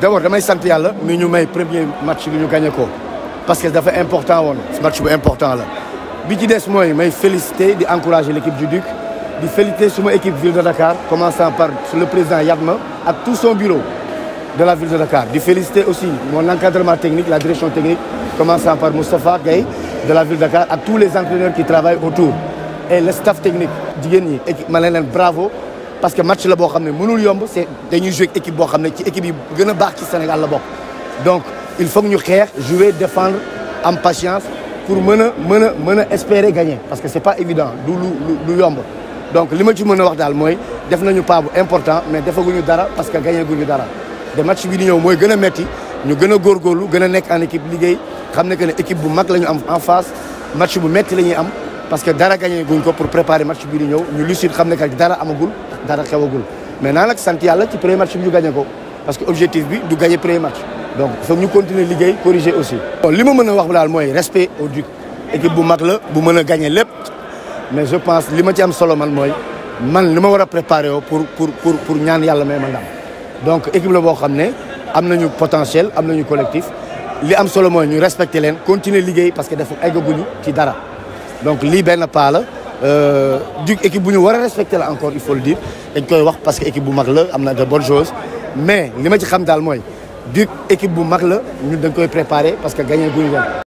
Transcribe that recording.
d'abord damay sant yàlla mi ñu may premier match bi ñu gagné ko parce que dafa important woon ce match bu important la bi ci des mooy may féliciter di encourager l'équipe du Duc di féliciter suma équipe ville de Dakar commençant par le président Yadma a tout son bureau de la ville de Dakar di féliciter aussi mon encadrement technique la direction technique commençant par Moustapha Gaye de la ville de Dakar ak tous les entraîneurs qui travaillent autour et technique jigéen ñi ma ne leen bravo parce que match la boo xam ne mënul yomb c'est ñu jouer équipe boo xam ne ci équipe yi gën a baax ci Sénégal la bokk donc il faut ñu xeex jouer défendre am patience pour mën a mën a mën a espérer gagner parce que c'est pas évident du lu lu yomb donc li ma ci mën a wax daal mooy def nañu pas bu important mais defaguñu dara parce que gagné guñu dara de match bi di ñëw mooy gën a metti ñu gën a góorgóorlu gën a nekk en équipe liggéey xam ne que ne bu mag la ñu am en face match bu metti la ñuy am parce que dara gagné guñ ko pour préparer match bi di ñëw ñu lucide xam ne que dara amagul dara xewagul maintenant nag sant yàlla ci premier match bi ñu gagné ko parce que objectif bi du gagné premier match donc foog ñu continuer liggéey corriger aussi. li ma mën a wax daal mooy respect au duc équipe bu mag la bu mën a gagné lépp mais je pense li ma ci am solo man mooy man li ma war a préparer woo pour pour pour pour ñaan yàlla may ma ndam donc équipe la boo xam ne am nañu potentiel am nañu collectif li am solo mooy ñu respecter leen continuer liggéey parce que dafa eggaguñu ci dara. donc lii benn pas la euh, du équipe bu ñu war a respecter la encore il faut le dire dañ koy wax parce que équipe bu mag la am na de bonnes choses mais li ma ci xam daal mooy du équipe bu mag la ñu dañ koy préparer parce que gagné guñu woon